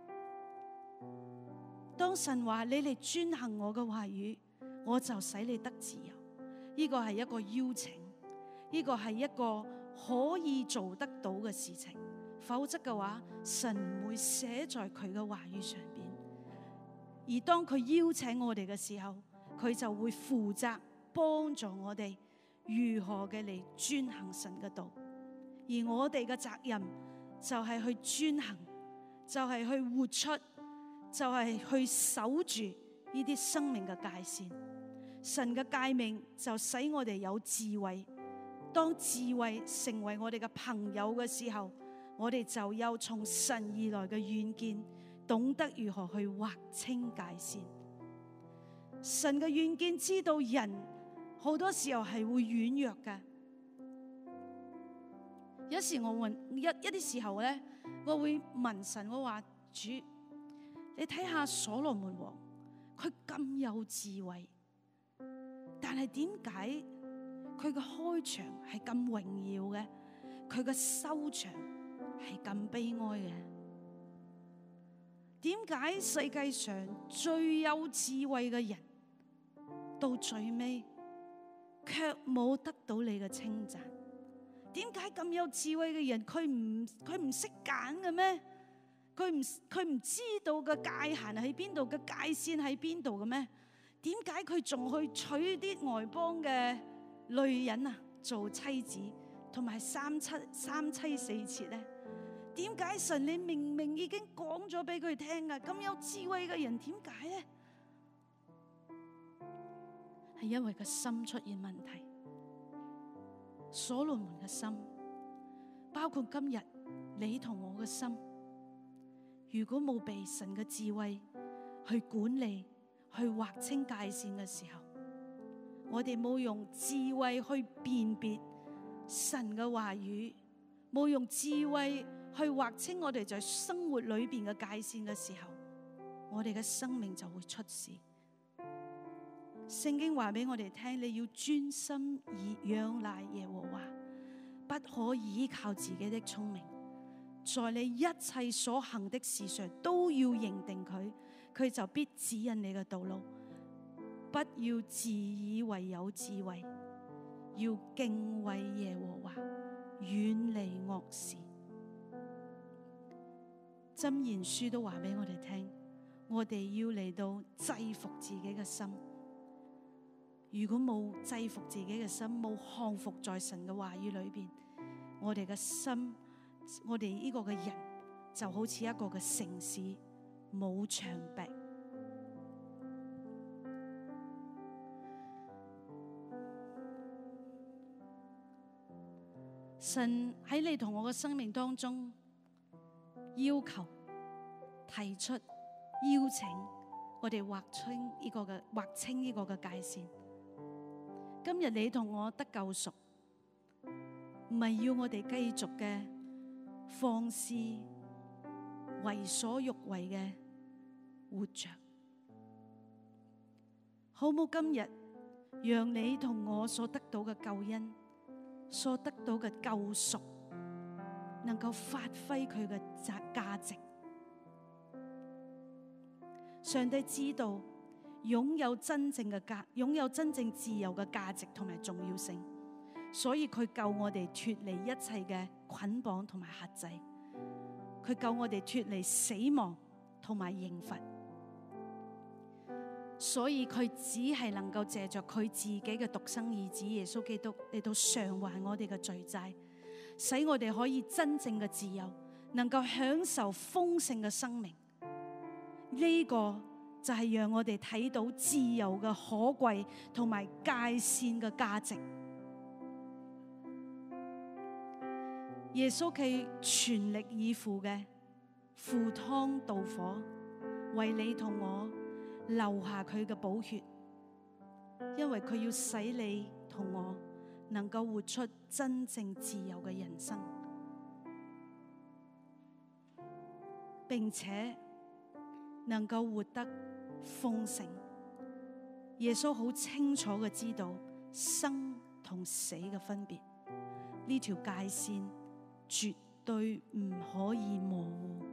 當神話你嚟遵行我嘅話語，我就使你得自由。呢個係一個邀請，呢個係一個可以做得到嘅事情，否則嘅話，神唔會寫在佢嘅話語上面。而當佢邀請我哋嘅時候，佢就會負責幫助我哋如何嘅嚟專行神嘅道，而我哋嘅責任就係去專行，就係去活出，就係去守住呢啲生命嘅界線。神嘅戒命就使我哋有智慧，當智慧成為我哋嘅朋友嘅時候，我哋就有從神而來嘅遠見，懂得如何去劃清界線。神嘅遠見知道人好多時候係會軟弱嘅，有時我問一一啲時候咧，我會問神：我話主，你睇下所羅門王，佢咁有智慧。但係點解佢嘅開場係咁榮耀嘅，佢嘅收場係咁悲哀嘅？點解世界上最有智慧嘅人到最尾卻冇得到你嘅稱讚？點解咁有智慧嘅人，佢唔佢唔識揀嘅咩？佢唔佢唔知道嘅界限喺邊度，嘅界線喺邊度嘅咩？點解佢仲去娶啲外邦嘅女人啊做妻子，同埋三七三妻四妾呢？點解神你明明已經講咗俾佢聽噶，咁有智慧嘅人點解呢？係因為個心出現問題。所羅門嘅心，包括今日你同我嘅心，如果冇被神嘅智慧去管理。去劃清界線嘅時候，我哋冇用智慧去辨別神嘅話語，冇用智慧去劃清我哋在生活裏邊嘅界線嘅時候，我哋嘅生命就會出事。聖經話俾我哋聽，你要專心以仰賴耶和華，不可以依靠自己的聰明，在你一切所行的事上都要認定佢。佢就必指引你嘅道路，不要自以為有智慧，要敬畏耶和華，遠離惡事。箴言書都話俾我哋聽，我哋要嚟到制服自己嘅心。如果冇制服自己嘅心，冇降服在神嘅話語裏面，我哋嘅心，我哋呢個嘅人就好似一個嘅城市。冇牆壁，神喺你同我嘅生命當中要求、提出邀請，我哋劃清呢個嘅劃清呢個嘅界線。今日你同我得救贖，唔係要我哋繼續嘅放肆，為所欲為嘅活着，好冇？今日，讓你同我所得到嘅救恩，所得到嘅救贖，能夠發揮佢嘅價價值。上帝知道擁有真正嘅價，擁有真正自由嘅價值同埋重要性，所以佢救我哋脱離一切嘅捆綁同埋轄制。佢救我哋脫離死亡同埋刑罰，所以佢只係能夠借着佢自己嘅獨生兒子耶穌基督嚟到償還我哋嘅罪債，使我哋可以真正嘅自由，能夠享受豐盛嘅生命。呢個就係讓我哋睇到自由嘅可貴同埋界線嘅價值。耶穌佢全力以赴嘅赴湯蹈火，為你同我留下佢嘅寶血，因為佢要使你同我能夠活出真正自由嘅人生，並且能夠活得豐盛。耶穌好清楚嘅知道，生同死嘅分別，呢條界線。絕對唔可以模糊，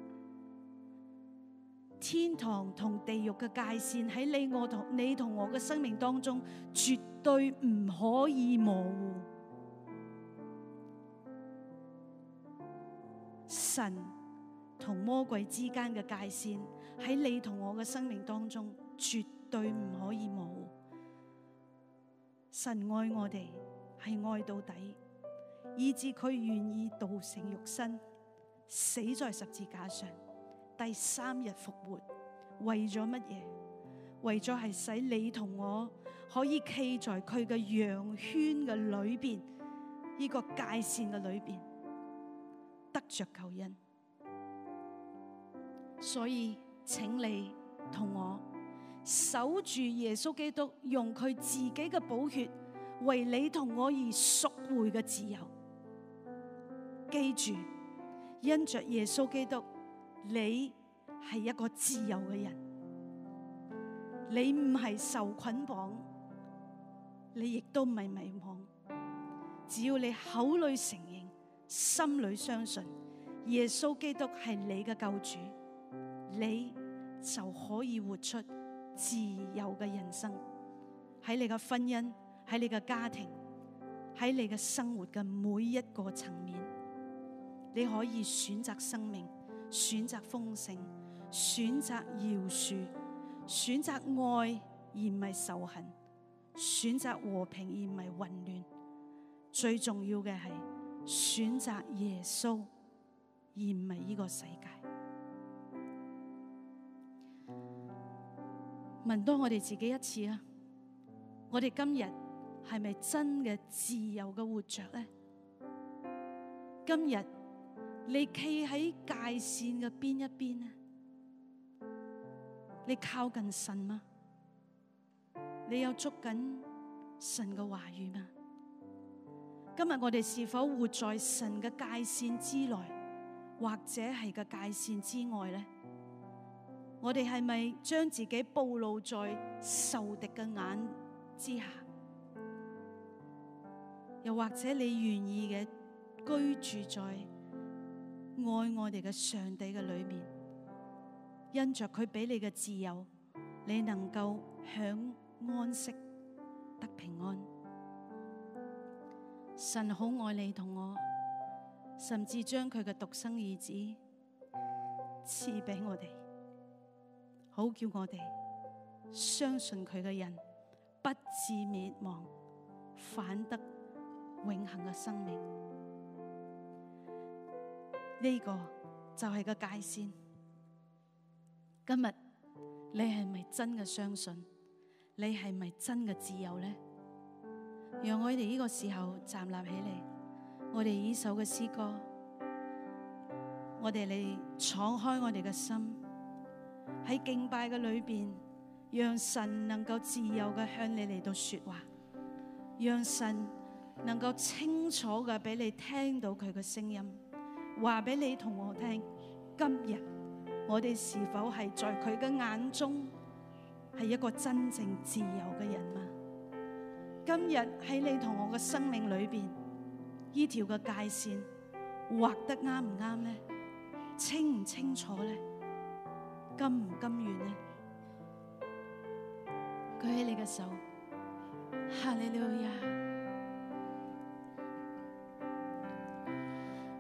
天堂同地獄嘅界線喺你我同你同我嘅生命當中絕對唔可以模糊。神同魔鬼之間嘅界線喺你同我嘅生命當中絕對唔可以模糊。神愛我哋係愛到底。以至佢願意道成肉身，死在十字架上，第三日復活為了什麼，為咗乜嘢？為咗係使你同我可以企在佢嘅羊圈嘅裏邊，呢個界線嘅裏邊得着救恩。所以，請你同我守住耶穌基督，用佢自己嘅寶血，為你同我而贖回嘅自由。記住，因着耶穌基督，你係一個自由嘅人，你唔係受捆綁，你亦都唔係迷惘。只要你口裏承認，心裏相信耶穌基督係你嘅救主，你就可以活出自由嘅人生。喺你嘅婚姻，喺你嘅家庭，喺你嘅生活嘅每一個層面。你可以選擇生命，選擇豐盛，選擇饒恕，選擇愛而唔係仇恨，選擇和平而唔係混亂。最重要嘅係選擇耶穌而唔係呢個世界。問多我哋自己一次啊！我哋今日係咪真嘅自由嘅活着咧？今日。你企喺界線嘅邊一邊咧？你靠近神嗎？你有捉緊神嘅話語嗎？今日我哋是否活在神嘅界線之內，或者係個界線之外咧？我哋係咪將自己暴露在仇敵嘅眼之下？又或者你願意嘅居住在？愛我哋嘅上帝嘅裏面，因着佢俾你嘅自由，你能夠享安息、得平安。神好愛你同我，甚至將佢嘅獨生兒子賜俾我哋，好叫我哋相信佢嘅人，不至滅亡，反得永恒嘅生命。呢個就係個界線。今日你係咪真嘅相信？你係咪真嘅自由呢？讓我哋呢個時候站立起嚟，我哋呢首嘅詩歌，我哋嚟敞開我哋嘅心，喺敬拜嘅裏邊，讓神能夠自由嘅向你嚟到説話，讓神能夠清楚嘅俾你聽到佢嘅聲音。話俾你同我聽，今日我哋是否係在佢嘅眼中係一個真正自由嘅人嗎？今日喺你同我嘅生命裏邊，呢條嘅界線畫得啱唔啱呢？清唔清楚呢？甘唔甘願呢？舉起你嘅手，哈利路亞。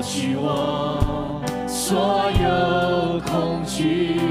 抹去我所有恐懼。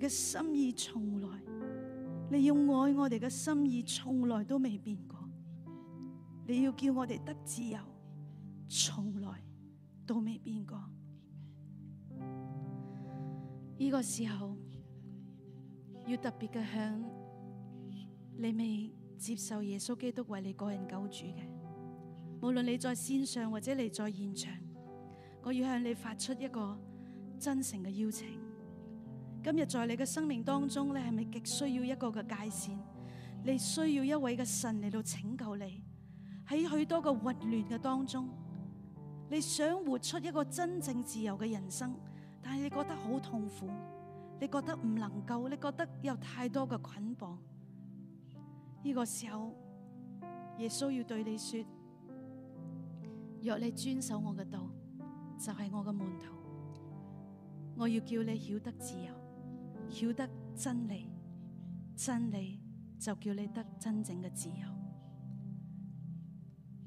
嘅心意從來，你要愛我哋嘅心意從來都未變過。你要叫我哋得自由，從來都未變過。呢個時候要特別嘅向你未接受耶穌基督為你個人救主嘅，無論你在線上或者你在現場，我要向你發出一個真誠嘅邀請。今日在你嘅生命當中你係咪極需要一個嘅界線？你需要一位嘅神嚟到拯救你。喺許多嘅混亂嘅當中，你想活出一個真正自由嘅人生，但係你覺得好痛苦，你覺得唔能夠，你覺得有太多嘅捆綁。呢個時候，耶穌要對你說：若你遵守我嘅道，就係我嘅門徒，我要叫你曉得自由。曉得真理，真理就叫你得真正嘅自由。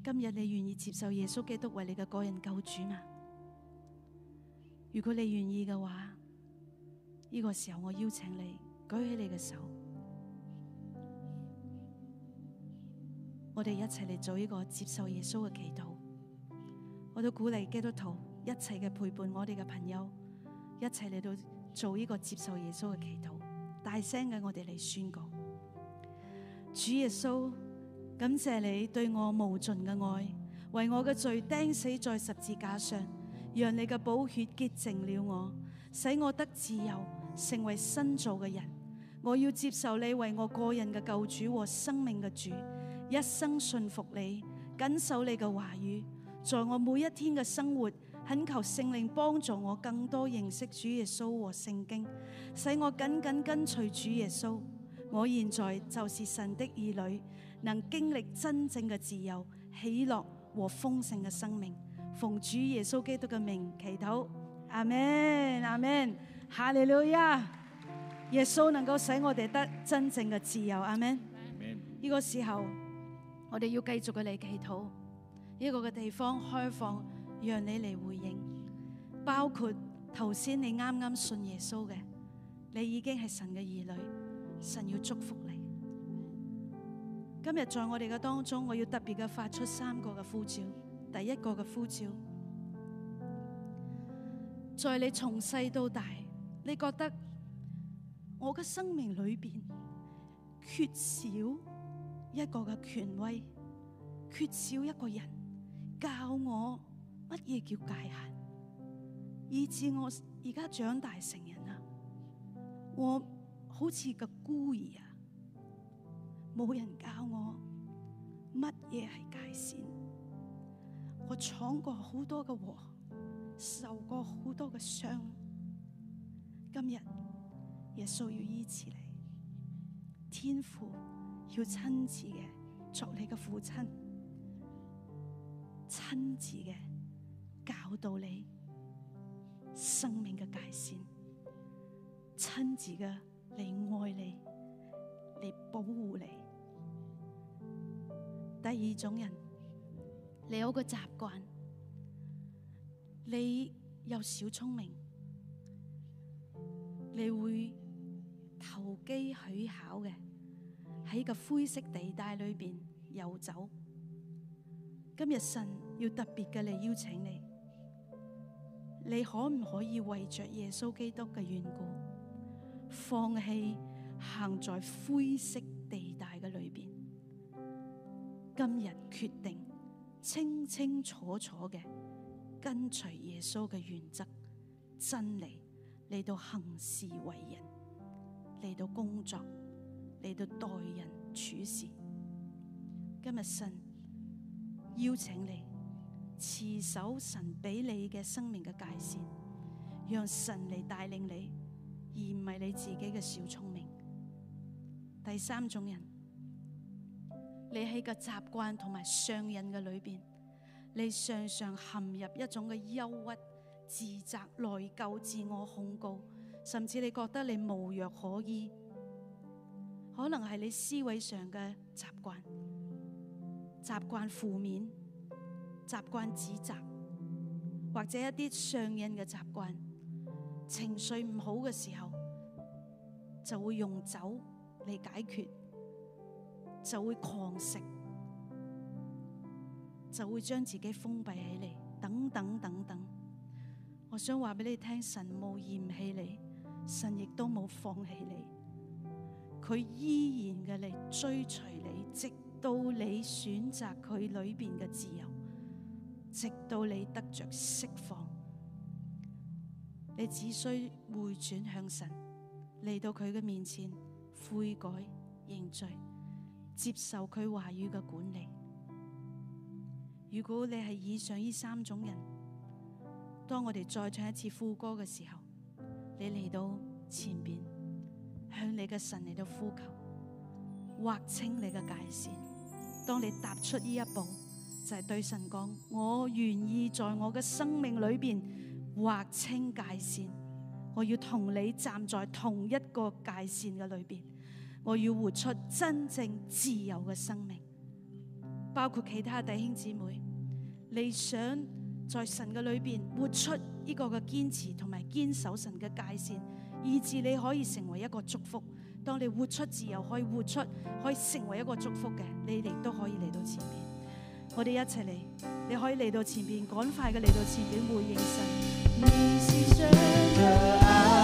今日你願意接受耶穌基督為你嘅個人救主嗎？如果你願意嘅話，呢個時候我邀請你舉起你嘅手，我哋一齊嚟做一個接受耶穌嘅祈禱。我都鼓勵基督徒一齊嘅陪伴我哋嘅朋友，一齊嚟到。做呢個接受耶穌嘅祈禱，大聲嘅我哋嚟宣告：主耶穌，感謝你對我無盡嘅愛，為我嘅罪釘死在十字架上，讓你嘅寶血潔淨了我，使我得自由，成為新造嘅人。我要接受你為我個人嘅救主和生命嘅主，一生信服你，緊守你嘅話語，在我每一天嘅生活。懇求聖靈幫助我更多認識主耶穌和聖經，使我緊緊跟隨主耶穌。我現在就是神的兒女，能經歷真正嘅自由、喜樂和豐盛嘅生命。奉主耶穌基督嘅名祈禱，阿門，阿門。下嚟了呀！耶穌能夠使我哋得真正嘅自由，阿門。呢個時候，我哋要繼續嘅嚟祈禱。呢個嘅地方開放。讓你嚟回應，包括頭先你啱啱信耶穌嘅，你已經係神嘅兒女，神要祝福你。今日在我哋嘅當中，我要特別嘅發出三個嘅呼召。第一個嘅呼召，在你從細到大，你覺得我嘅生命裏面缺少一個嘅權威，缺少一個人教我。乜嘢叫界限？以至我而家長大成人啦，我好似個孤兒啊，冇人教我乜嘢係界限。我闖過好多嘅禍，受過好多嘅傷。今日耶穌要醫治你，天父要親自嘅作你嘅父親，親自嘅。走到你生命嘅界線，親自嘅嚟愛你，嚟保護你。第二種人，你有個習慣，你有小聰明，你會投機取巧嘅喺個灰色地帶裏邊遊走。今日神要特別嘅嚟邀請你。你可唔可以為着耶穌基督嘅緣故，放棄行在灰色地帶嘅裏邊？今日決定清清楚楚嘅跟隨耶穌嘅原則、真理嚟到行事為人，嚟到工作，嚟到待人處事。今日神邀請你。持守神俾你嘅生命嘅界線，讓神嚟帶領你，而唔係你自己嘅小聰明。第三種人，你喺個習慣同埋上癮嘅裏邊，你常常陷入一種嘅憂鬱、自責、內疚、自我控告，甚至你覺得你無藥可醫，可能係你思維上嘅習慣，習慣負面。習慣指責，或者一啲上癮嘅習慣，情緒唔好嘅時候就會用酒嚟解決，就會狂食，就會將自己封閉起嚟，等等等等。我想話俾你聽，神冇嫌棄你，神亦都冇放棄你，佢依然嘅嚟追隨你，直到你選擇佢裏面嘅自由。直到你得着釋放，你只需回轉向神，嚟到佢嘅面前悔改認罪，接受佢話語嘅管理。如果你係以上呢三種人，當我哋再唱一次副歌嘅時候，你嚟到前邊向你嘅神嚟到呼求，劃清你嘅界線。當你踏出呢一步，就係對神講，我願意在我嘅生命裏邊劃清界線，我要同你站在同一個界線嘅裏邊，我要活出真正自由嘅生命。包括其他弟兄姊妹，你想在神嘅裏邊活出呢個嘅堅持同埋堅守神嘅界線，以至你可以成為一個祝福。當你活出自由，可以活出可以成為一個祝福嘅，你哋都可以嚟到前面。我哋一齊嚟，你可以嚟到前邊，趕快嘅嚟到前邊回應神。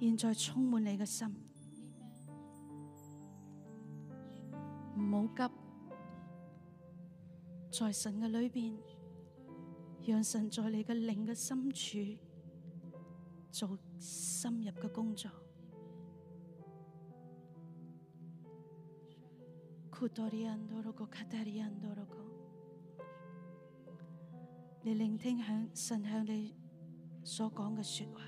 現在充滿你嘅心，唔好急，在神嘅裏面，讓神在你嘅靈嘅深處做深入嘅工作。你聆聽響神向你所講嘅說話。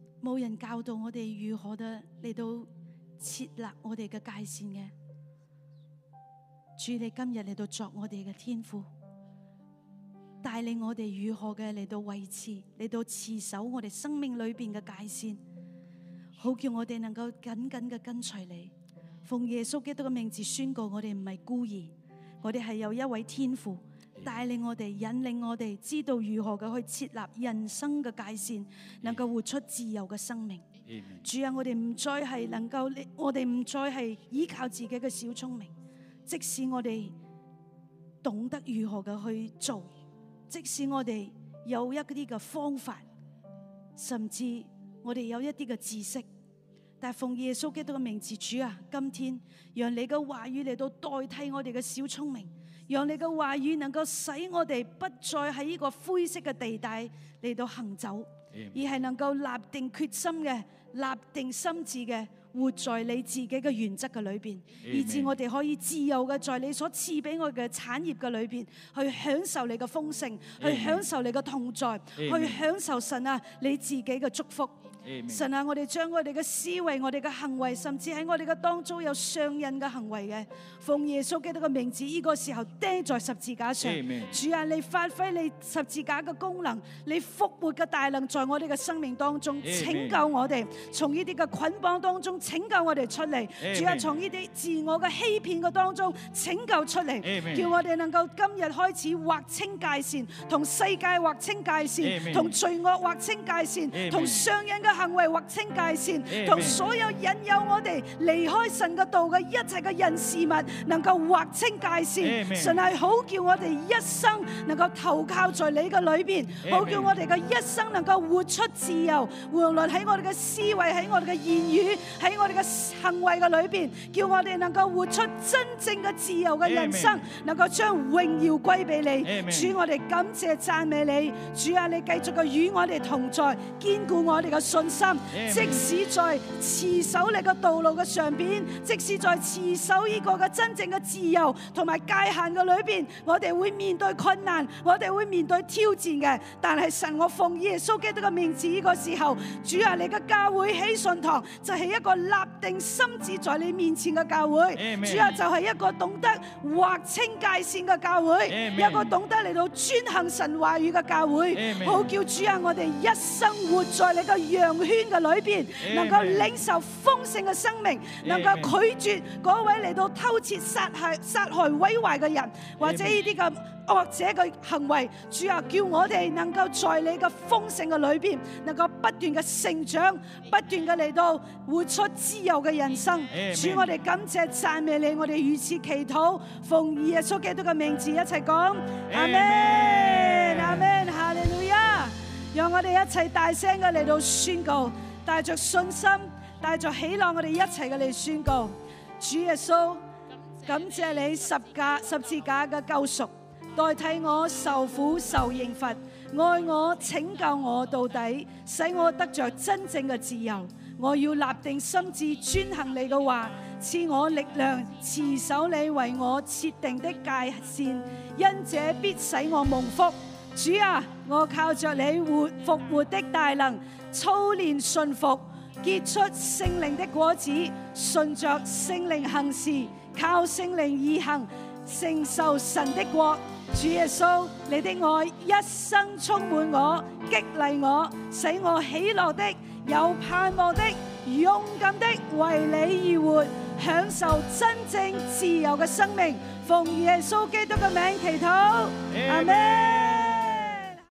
冇人教導我哋如何嘅嚟到設立我哋嘅界線嘅，主你今日嚟到作我哋嘅天父，帶領我哋如何嘅嚟到維持嚟到持守我哋生命裏邊嘅界線，好叫我哋能夠緊緊嘅跟隨你。奉耶穌基督嘅名字宣告我們不是，我哋唔係孤兒，我哋係有一位天父。帶領我哋，引領我哋，知道如何嘅去設立人生嘅界線，能夠活出自由嘅生命。Amen. 主啊，我哋唔再係能夠，我哋唔再係依靠自己嘅小聰明。即使我哋懂得如何嘅去做，即使我哋有一啲嘅方法，甚至我哋有一啲嘅知識，但係奉耶穌基督嘅名字，主啊，今天讓你嘅話語嚟到代替我哋嘅小聰明。讓你嘅話語能夠使我哋不再喺呢個灰色嘅地帶嚟到行走，Amen. 而係能夠立定決心嘅、立定心志嘅，活在你自己嘅原則嘅裏邊，Amen. 以至我哋可以自由嘅在你所賜俾我嘅產業嘅裏邊，去享受你嘅豐盛，Amen. 去享受你嘅同在，Amen. 去享受神啊你自己嘅祝福。Amen. 神啊，我哋將我哋嘅思維、我哋嘅行為，甚至喺我哋嘅當中有上癮嘅行為嘅，奉耶穌基督嘅名字，呢、這個時候釘在十字架上。Amen. 主啊，你發揮你十字架嘅功能，你復活嘅大能，在我哋嘅生命當中，Amen. 當中拯救我哋，從呢啲嘅捆綁當中拯救我哋出嚟。主啊，從呢啲自我嘅欺騙嘅當中拯救出嚟，Amen. 叫我哋能夠今日開始劃清界線，同世界劃清界線，同 Amen. 罪惡劃清界線，同上癮嘅，行為劃清界線，同所有引誘我哋離開神度嘅一切嘅人事物，能夠劃清界線。神係好叫我哋一生能夠投靠在你嘅裏邊，好叫我哋嘅一生能夠活出自由，無論喺我哋嘅思維，喺我哋嘅言語，喺我哋嘅行為嘅裏邊，叫我哋能夠活出真正嘅自由嘅人生，能夠將榮耀歸俾你，主我哋感謝讚美你，主啊，你繼續嘅與我哋同在，堅固我哋嘅信。信心，即使在持守你個道路嘅上邊，即使在持守呢個嘅真正嘅自由同埋界限嘅裏邊，我哋會面對困難，我哋會面對挑戰嘅。但係神，我奉耶穌基督嘅名字，呢、這個時候，主啊，你嘅教會喜信堂就係、是、一個立定心志在你面前嘅教會，主啊，就係一個懂得劃清界線嘅教會，嗯、有個懂得嚟到專行神話語嘅教會，好、嗯、叫主啊，我哋一生活在你嘅約。圈嘅裏邊，能夠領受豐盛嘅生命，能夠拒絕嗰位嚟到偷竊、殺害、殺害、毀壞嘅人，或者呢啲噉惡者嘅行為。主啊，叫我哋能夠在你嘅豐盛嘅裏邊，能夠不斷嘅成長，不斷嘅嚟到活出自由嘅人生。主，我哋感謝讚美你，我哋如此祈禱，奉耶穌基督嘅名字一齊講，阿門，阿門們，哈。讓我哋一齊大聲嘅嚟到宣告，帶着信心，帶着喜樂，我哋一齊嘅嚟宣告，主耶穌，感謝你十架十字架嘅救贖，代替我受苦受刑罰，愛我拯救我到底，使我得着真正嘅自由。我要立定心志，遵行你嘅話，賜我力量，持守你為我設定的界限，因這，必使我蒙福。主啊，我靠着你活復活的大能操練順服，結出聖靈的果子，順著聖靈行事，靠聖靈而行，承受神的國。主耶穌，你的愛一生充滿我，激勵我，使我喜樂的，有盼望的，勇敢的為你而活，享受真正自由嘅生命。奉耶穌基督嘅名祈禱，阿門。